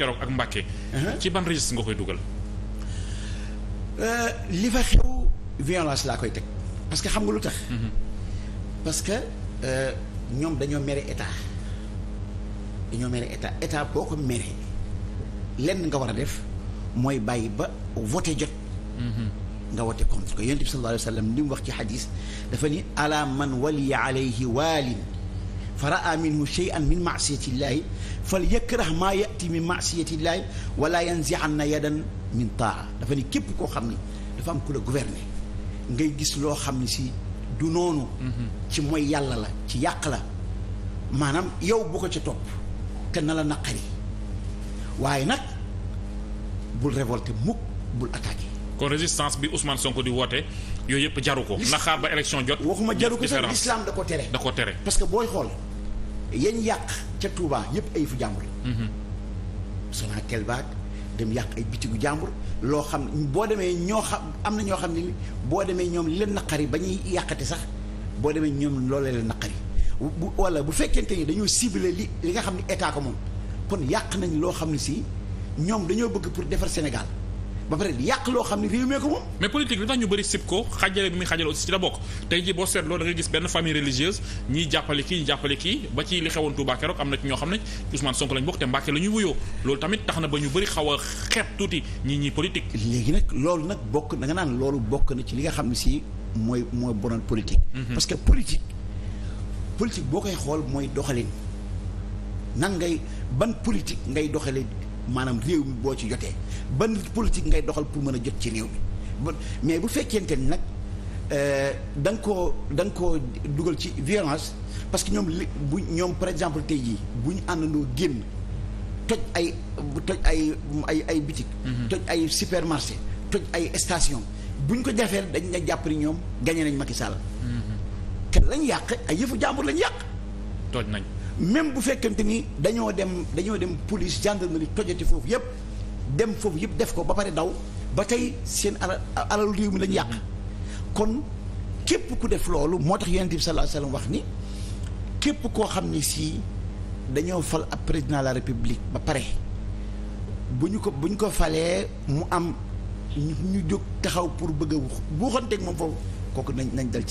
keroog ak Mbàkke uh-huh. ci ban registre nga koy dugal euh, li fa xew violence laa koy teg parce que xam nga lu tax mhm. parce que euh, ñoom dañoo mere état dañoo mere état état boo ko mere lenn nga war a def mooy bàyyi ba voté jot mhm. nga wote contre ko yonent bi sallallahu alayhi wa man waliya waalin fa raa minhu shay'an min ma'siyatillahi falyakrah maa ya'ti min ma'siyatillahi wala yanzi'anna yadan min taa dafa ne képp koo xam ni dafa am ku la gouverner ngay gis loo xam ni si du noonu mm-hmm. ci mooy yàlla la ci yàq la maanaam yow boo ko ca topp te la naqari waaye nag bul révolter mukk bul attaquer kon résistance bi Ousmane ko di woote yooyu yëpp jaru ko. na xaar ba élection jot. waxuma jaru ko sax l'islam da ko tere. da ko tere parce que booy xool. yañ yàq ca Touba yëpp ay fu jàmbur la. Mm-hmm. Sonatel baag dem yàq ay bitigu jàmbur loo xam boo demee ñoo xam am na ñoo xam ne boo demee ñoom li leen naqari ba ñuy yàqati sax boo demee ñoom loolee leen naqari bu wala bu fekkente ni dañoo ciblé li li nga xam ne état ko moom kon yàq nañ loo xam ne si ñoom dañoo bëgg pour defar Sénégal. ba pare yàq loo xam ne réew mee ko moom. mais politique bi tax ñu bëri sib ko xajale bi muy xajale aussi ci la bokk tey ji boo seetloo da nga gis benn famille religieuse ñiy jàppale kii ñi jàppale kii ba ci li xewoon Touba keroog am na ci ñoo xam ne Ousmane Sonko lañ bokk te Mbàkke la ñuy wuyoo loolu tamit tax na ba ñu bëri xaw a xeeb tuuti ñi ñi politique. léegi nag loolu nag bokk da nga naan loolu bokk na ci li nga xam ne si mooy mooy bonoon politique. Mhm. parce que politique politique boo koy xool mooy doxalin nan ngay ban politique ngay doxalee maanaam réew mi boo ci jotee ban politique ngay doxal pour mën a jot ci réew mi mais bu fekkente ni nag euh, da nga koo da nga dugal ci violence parce que ñoom li bu ñoom par exemple tey jii bu ñu àndandoo génn toj ay toj ay ay ay bitik mm-hmm. toj ay supermarché toj ay station buñ ko defee dañ na jàpp ñoom gañe nañ Macky Sall mm-hmm. te lañ yàq ay yëfu jàmbur lañ yàq toj nañ même bu fekkente ni dañoo dem dañoo dem police gendarmerie tojati foofu yëpp dem foofu yëpp def ko ba pare daw ba tey seen alal alalu réew mi lañ yàq kon képp ku def loolu moo tax yonent bi sallallahu alayhi wasallam wax ni képp koo xam ni si dañoo fal ab président de la république ba pare bu ñu ko bu ñu ko falee mu am ñu jóg taxaw pour bëgg a buuxanteeg moom foofu kooku nañ nañ dal ci